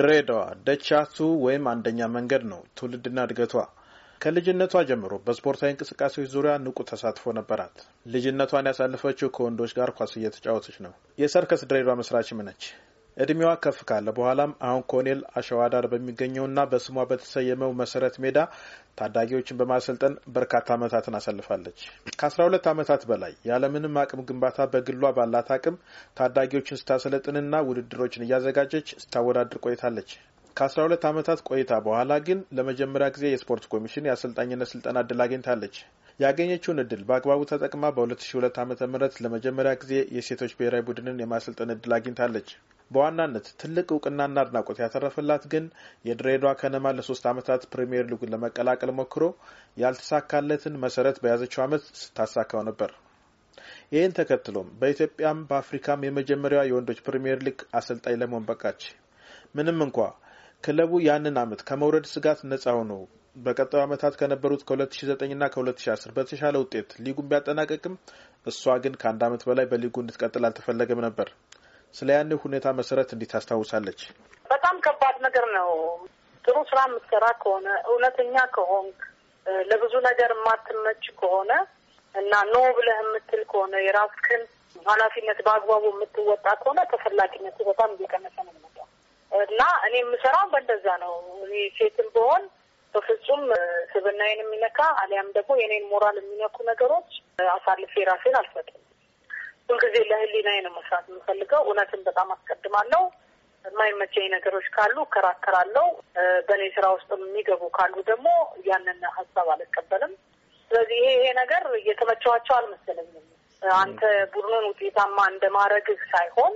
በድሬዳዋ ደቻቱ ወይም አንደኛ መንገድ ነው ትውልድና እድገቷ። ከልጅነቷ ጀምሮ በስፖርታዊ እንቅስቃሴዎች ዙሪያ ንቁ ተሳትፎ ነበራት። ልጅነቷን ያሳለፈችው ከወንዶች ጋር ኳስ እየተጫወተች ነው። የሰርከስ ድሬዳዋ መስራችም ነች። እድሜዋ ከፍ ካለ በኋላም አሁን ኮኔል አሸዋዳር በሚገኘውና በስሟ በተሰየመው መሰረት ሜዳ ታዳጊዎችን በማሰልጠን በርካታ ዓመታትን አሳልፋለች። ከአስራ ሁለት ዓመታት በላይ ያለምንም አቅም ግንባታ በግሏ ባላት አቅም ታዳጊዎችን ስታሰለጥንና ውድድሮችን እያዘጋጀች ስታወዳድር ቆይታለች። ከአስራ ሁለት ዓመታት ቆይታ በኋላ ግን ለመጀመሪያ ጊዜ የስፖርት ኮሚሽን የአሰልጣኝነት ስልጠና እድል አግኝታለች። ያገኘችውን እድል በአግባቡ ተጠቅማ በ2002 ዓ ም ለመጀመሪያ ጊዜ የሴቶች ብሔራዊ ቡድንን የማሰልጠን እድል አግኝታለች። በዋናነት ትልቅ እውቅናና አድናቆት ያተረፈላት ግን የድሬዳዋ ከነማ ለሶስት ዓመታት ፕሪምየር ሊጉን ለመቀላቀል ሞክሮ ያልተሳካለትን መሰረት በያዘችው ዓመት ስታሳካው ነበር። ይህን ተከትሎም በኢትዮጵያም በአፍሪካም የመጀመሪያዋ የወንዶች ፕሪምየር ሊግ አሰልጣኝ ለመሆን በቃች። ምንም እንኳ ክለቡ ያንን ዓመት ከመውረድ ስጋት ነጻ ሆኖ በቀጣዩ ዓመታት ከነበሩት ከ2009 ና ከ2010 በተሻለ ውጤት ሊጉን ቢያጠናቀቅም እሷ ግን ከአንድ ዓመት በላይ በሊጉ እንድትቀጥል አልተፈለገም ነበር። ስለ ያን ሁኔታ መሰረት እንዴት ታስታውሳለች? በጣም ከባድ ነገር ነው። ጥሩ ስራ የምትሰራ ከሆነ እውነተኛ ከሆን ለብዙ ነገር የማትመች ከሆነ እና ኖ ብለህ የምትል ከሆነ የራስክን ኃላፊነት በአግባቡ የምትወጣ ከሆነ ተፈላጊነቱ በጣም እየቀነሰ ነው የሚመጣው እና እኔ የምሰራው በእንደዛ ነው። እኔ ሴትም በሆን በፍጹም ስብናዬን የሚነካ አሊያም ደግሞ የኔን ሞራል የሚነኩ ነገሮች አሳልፌ ራሴን አልሰጥም። ሁልጊዜ ለህሊናዬ ነው መስራት የምፈልገው። እውነትን በጣም አስቀድማለሁ። የማይመቸኝ ነገሮች ካሉ እከራከራለሁ። በእኔ ስራ ውስጥ የሚገቡ ካሉ ደግሞ ያንን ሀሳብ አልቀበልም። ስለዚህ ይሄ ይሄ ነገር እየተመቸዋቸው አልመሰለኝም። አንተ ቡድኑን ውጤታማ እንደማድረግህ ሳይሆን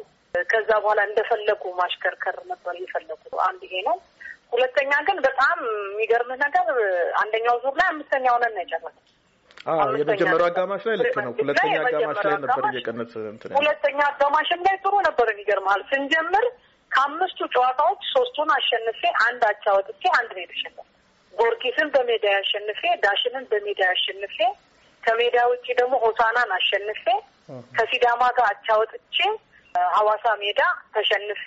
ከዛ በኋላ እንደፈለጉ ማሽከርከር ነበር እየፈለጉ። አንድ ይሄ ነው። ሁለተኛ ግን በጣም የሚገርምህ ነገር አንደኛው ዙር ላይ አምስተኛ ሆነን ነው የጨረስነው። የመጀመሪያው አጋማሽ ላይ ልክ ነው። ሁለተኛ አጋማሽ ላይ ነበር እየቀነሰ እንትን ሁለተኛ አጋማሽም ላይ ጥሩ ነበር። ይገርማል። ስንጀምር ከአምስቱ ጨዋታዎች ሶስቱን አሸንፌ አንድ አቻ ወጥቼ አንድ ነው የተሸነፍኩት። ጎርጊስን በሜዳ ያሸንፌ፣ ዳሽንን በሜዳ ያሸንፌ፣ ከሜዳ ውጭ ደግሞ ሆሳናን አሸንፌ፣ ከሲዳማ ጋር አቻ ወጥቼ ሜዳ ተሸንፌ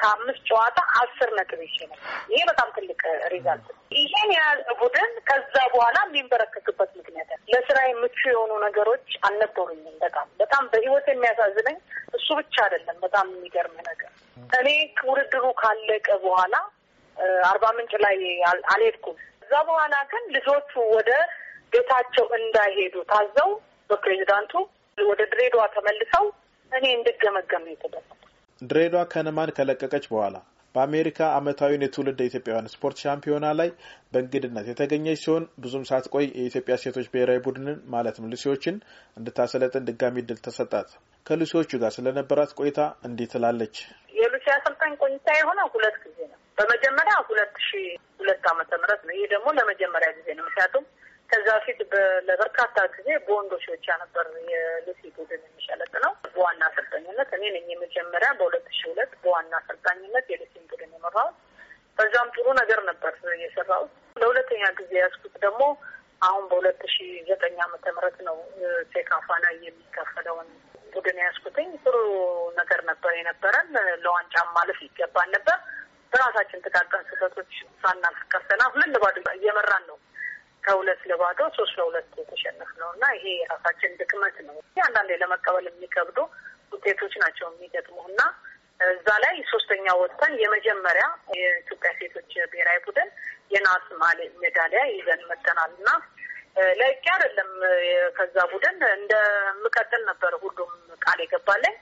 ከአምስት ጨዋታ አስር ነጥብ ይዤ ነው። ይሄ በጣም ትልቅ ሪዛልት ነው። ይሄን የያዘ ቡድን ከዛ በኋላ የሚንበረከክበት ምክንያት ለስራ ምቹ የሆኑ ነገሮች አልነበሩኝም። በጣም በጣም በህይወት የሚያሳዝነኝ እሱ ብቻ አይደለም። በጣም የሚገርም ነገር እኔ ውድድሩ ካለቀ በኋላ አርባ ምንጭ ላይ አልሄድኩም። ከዛ በኋላ ግን ልጆቹ ወደ ቤታቸው እንዳይሄዱ ታዘው በፕሬዚዳንቱ ወደ ድሬዳዋ ተመልሰው እኔ እንድገመገም የተደረገ ድሬዷ ከነማን ከለቀቀች በኋላ በአሜሪካ አመታዊን የትውልድ የኢትዮጵያውያን ስፖርት ሻምፒዮና ላይ በእንግድነት የተገኘች ሲሆን ብዙም ሳትቆይ የኢትዮጵያ ሴቶች ብሔራዊ ቡድንን ማለትም ልሴዎችን እንድታሰለጥን ድጋሚ እድል ተሰጣት። ከልሴዎቹ ጋር ስለነበራት ቆይታ እንዲህ ትላለች። የልሴ አሰልጣኝ ቆይታ የሆነ ሁለት ጊዜ ነው። በመጀመሪያ ሁለት ሺ ሁለት ዓመተ ምህረት ነው። ይህ ደግሞ ለመጀመሪያ ጊዜ ነው። ምክንያቱም ከዛ በፊት ለበርካታ ጊዜ በወንዶች ብቻ ነበር የልሴ ቡድን የሚሸለጥ ነው በዋና አሰልጣኝነት እኔ ነኝ የመጀመሪያ በሁለት ሺ ሁለት በዋና አሰልጣኝነት የደሴን ቡድን የመራሁት። በዛም ጥሩ ነገር ነበር የሰራሁት። ለሁለተኛ ጊዜ ያስኩት ደግሞ አሁን በሁለት ሺ ዘጠኝ አመተ ምህረት ነው ሴካፋ ላይ የሚከፈለውን ቡድን ያስኩትኝ። ጥሩ ነገር ነበር የነበረን። ለዋንጫም ማለፍ ይገባን ነበር። በራሳችን ጥቃቅን ስህተቶች ሳናልፍ ቀርተናል። ሁለት ልባዶ እየመራን ነው ከሁለት ለባዶ ሶስት ለሁለት ነው እና ይሄ የራሳችን ድክመት ነው። አንዳንዴ ለመቀበል የሚከብዱ ውጤቶች ናቸው የሚገጥሙ እና እዛ ላይ ሶስተኛ ወጥተን የመጀመሪያ የኢትዮጵያ ሴቶች ብሔራዊ ቡድን የናስ ሜዳሊያ ይዘን መተናል እና ለቂ አይደለም ከዛ ቡድን እንደምቀጥል ነበር ሁሉም ቃል የገባለኝ።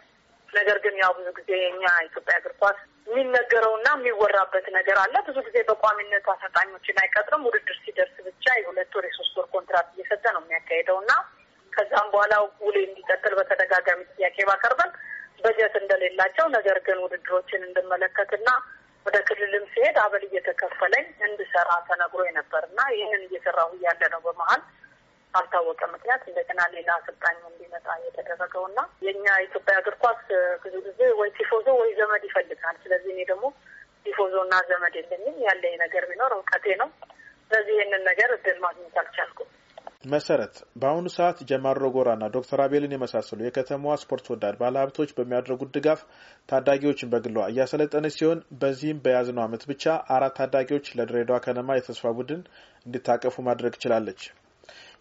ነገር ግን ያው ብዙ ጊዜ እኛ ኢትዮጵያ እግር ኳስ የሚነገረውና የሚወራበት ነገር አለ። ብዙ ጊዜ በቋሚነት አሰልጣኞችን አይቀጥርም። ውድድር ሲደርስ ብቻ የሁለት ወር የሶስት ወር ኮንትራት እየሰጠ ነው የሚያካሄደው እና ከዛም በኋላ ውሌ እንዲቀጥል በተደጋጋሚ ጥያቄ ባቀርበን በጀት እንደሌላቸው ነገር ግን ውድድሮችን እንድመለከትና ወደ ክልልም ሲሄድ አበል እየተከፈለኝ እንድሰራ ተነግሮ የነበር እና ይህንን እየሰራሁ እያለ ነው በመሀል ባልታወቀ ምክንያት እንደገና ሌላ አሰልጣኝ እንዲመጣ የተደረገው እና የእኛ ኢትዮጵያ እግር ኳስ ብዙ ጊዜ ወይ ቲፎዞ ወይ ዘመድ ይፈልጋል። ስለዚህ እኔ ደግሞ ቲፎዞ እና ዘመድ የለኝም። ያለኝ ነገር ቢኖር እውቀቴ ነው። ስለዚህ ይህንን ነገር እድል ማግኘት አልቻልኩም። መሰረት በአሁኑ ሰዓት ጀማል ሮጎራና ዶክተር አቤልን የመሳሰሉ የከተማዋ ስፖርት ወዳድ ባለሀብቶች በሚያደርጉት ድጋፍ ታዳጊዎችን በግሏ እያሰለጠነች ሲሆን በዚህም በያዝነው ዓመት ብቻ አራት ታዳጊዎች ለድሬዳዋ ከነማ የተስፋ ቡድን እንዲታቀፉ ማድረግ ችላለች።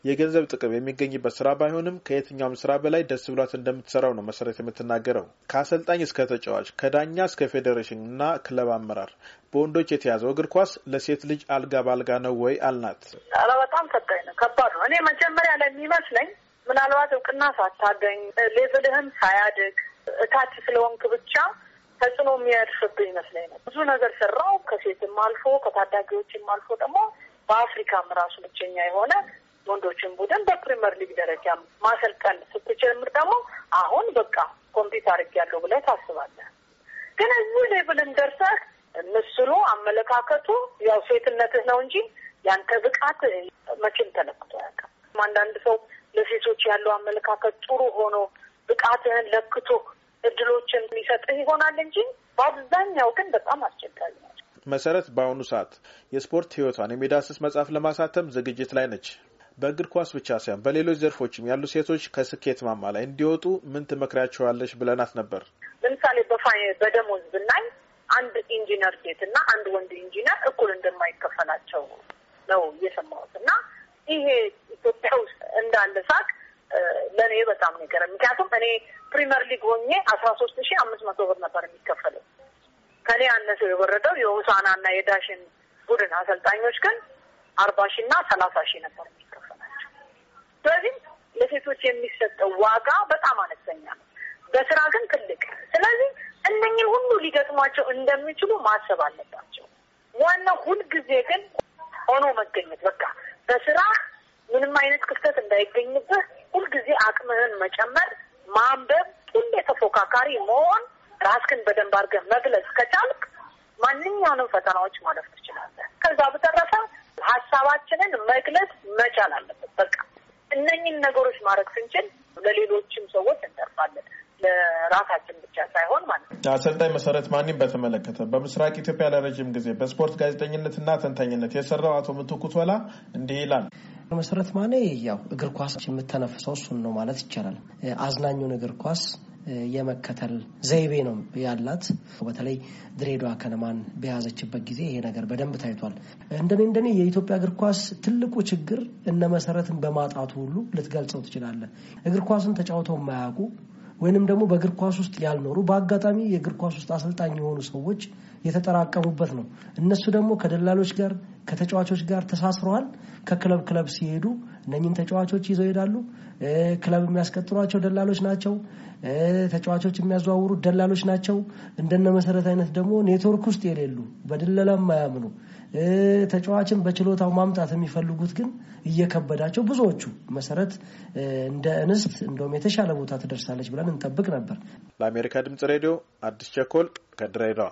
የገንዘብ ጥቅም የሚገኝበት ስራ ባይሆንም ከየትኛውም ስራ በላይ ደስ ብሏት እንደምትሰራው ነው መሰረት የምትናገረው። ከአሰልጣኝ እስከ ተጫዋች፣ ከዳኛ እስከ ፌዴሬሽን እና ክለብ አመራር በወንዶች የተያዘው እግር ኳስ ለሴት ልጅ አልጋ ባልጋ ነው ወይ አልናት። ኧረ በጣም ከባድ ነው፣ ከባድ ነው። እኔ መጀመሪያ ላይ የሚመስለኝ ምናልባት እውቅና ሳታገኝ ሌቭልህም ሳያድግ እታች ስለሆንክ ብቻ ተጽዕኖ የሚያድፍብህ ይመስለኝ ነው። ብዙ ነገር ሰራው፣ ከሴትም አልፎ ከታዳጊዎችም አልፎ ደግሞ በአፍሪካም ራሱ ብቸኛ የሆነ ወንዶችን ቡድን በፕሪመር ሊግ ደረጃ ማሰልጠን ስትጀምር ደግሞ አሁን በቃ ኮምፒውተር አድርጌያለሁ ብለህ ታስባለህ። ግን እዚህ ሌብልን ደርሰህ ምስሉ አመለካከቱ ያው ሴትነትህ ነው እንጂ ያንተ ብቃት መቼም ተለክቶ አያውቅም። አንዳንድ ሰው ለሴቶች ያለው አመለካከት ጥሩ ሆኖ ብቃትህን ለክቶ እድሎችን የሚሰጥህ ይሆናል እንጂ በአብዛኛው ግን በጣም አስቸጋሪ ናቸው። መሰረት በአሁኑ ሰዓት የስፖርት ህይወቷን የሚዳስስ መጽሐፍ ለማሳተም ዝግጅት ላይ ነች። በእግር ኳስ ብቻ ሳይሆን በሌሎች ዘርፎችም ያሉ ሴቶች ከስኬት ማማ ላይ እንዲወጡ ምን ትመክሪያቸዋለሽ? ብለናት ነበር። ለምሳሌ በፋይ በደሞዝ ብናይ አንድ ኢንጂነር ሴት እና አንድ ወንድ ኢንጂነር እኩል እንደማይከፈላቸው ነው እየሰማሁት እና ይሄ ኢትዮጵያ ውስጥ እንዳለ ሳቅ ለእኔ በጣም ነገር ምክንያቱም እኔ ፕሪሚየር ሊግ ሆኜ አስራ ሶስት ሺ አምስት መቶ ብር ነበር የሚከፈለው ከኔ ያነሰው የወረደው የሆሳና እና የዳሽን ቡድን አሰልጣኞች ግን አርባ ሺ እና ሰላሳ ሺ ነበር ስለዚህም ለሴቶች የሚሰጠው ዋጋ በጣም አነስተኛ ነው፣ በስራ ግን ትልቅ። ስለዚህ እነኝን ሁሉ ሊገጥሟቸው እንደሚችሉ ማሰብ አለባቸው። ዋናው ሁልጊዜ ግን ሆኖ መገኘት በቃ በስራ ምንም አይነት ክፍተት እንዳይገኝብህ ሁልጊዜ አቅምህን መጨመር፣ ማንበብ፣ ሁሌ ተፎካካሪ መሆን፣ ራስክን በደንብ አድርገህ መግለጽ ከቻልክ ማንኛውንም ፈተናዎች ማለፍ ትችላለህ። ከዛ በተረፈ ሀሳባችንን መግለጽ መቻል አለበት በቃ እነኝን ነገሮች ማድረግ ስንችል ለሌሎችም ሰዎች እንጠርፋለን። ለራሳችን ብቻ ሳይሆን ማለት ነው። አሰልጣኝ መሰረት ማንም በተመለከተ በምስራቅ ኢትዮጵያ ለረዥም ጊዜ በስፖርት ጋዜጠኝነትና ተንታኝነት የሰራው አቶ ምትኩ ቶላ እንዲህ ይላል። መሰረት ማኔ ያው እግር ኳስ የምተነፍሰው እሱን ነው ማለት ይቻላል። አዝናኙን እግር ኳስ የመከተል ዘይቤ ነው ያላት። በተለይ ድሬዳዋ ከነማን በያዘችበት ጊዜ ይሄ ነገር በደንብ ታይቷል። እንደኔ እንደኔ የኢትዮጵያ እግር ኳስ ትልቁ ችግር እነ መሰረትን በማጣቱ ሁሉ ልትገልጸው ትችላለህ። እግር ኳስን ተጫውተው የማያውቁ ወይንም ደግሞ በእግር ኳስ ውስጥ ያልኖሩ በአጋጣሚ የእግር ኳስ ውስጥ አሰልጣኝ የሆኑ ሰዎች የተጠራቀሙበት ነው። እነሱ ደግሞ ከደላሎች ጋር ከተጫዋቾች ጋር ተሳስረዋል። ከክለብ ክለብ ሲሄዱ እነኝን ተጫዋቾች ይዘው ይሄዳሉ። ክለብ የሚያስቀጥሯቸው ደላሎች ናቸው። ተጫዋቾች የሚያዘዋውሩ ደላሎች ናቸው። እንደነ መሰረት አይነት ደግሞ ኔትወርክ ውስጥ የሌሉ በድለላ የማያምኑ ተጫዋችን በችሎታው ማምጣት የሚፈልጉት ግን እየከበዳቸው ብዙዎቹ መሰረት እንደ እንስት እንደውም የተሻለ ቦታ ትደርሳለች ብለን እንጠብቅ ነበር። ለአሜሪካ ድምጽ ሬዲዮ አዲስ ቸኮል ከድሬዳዋ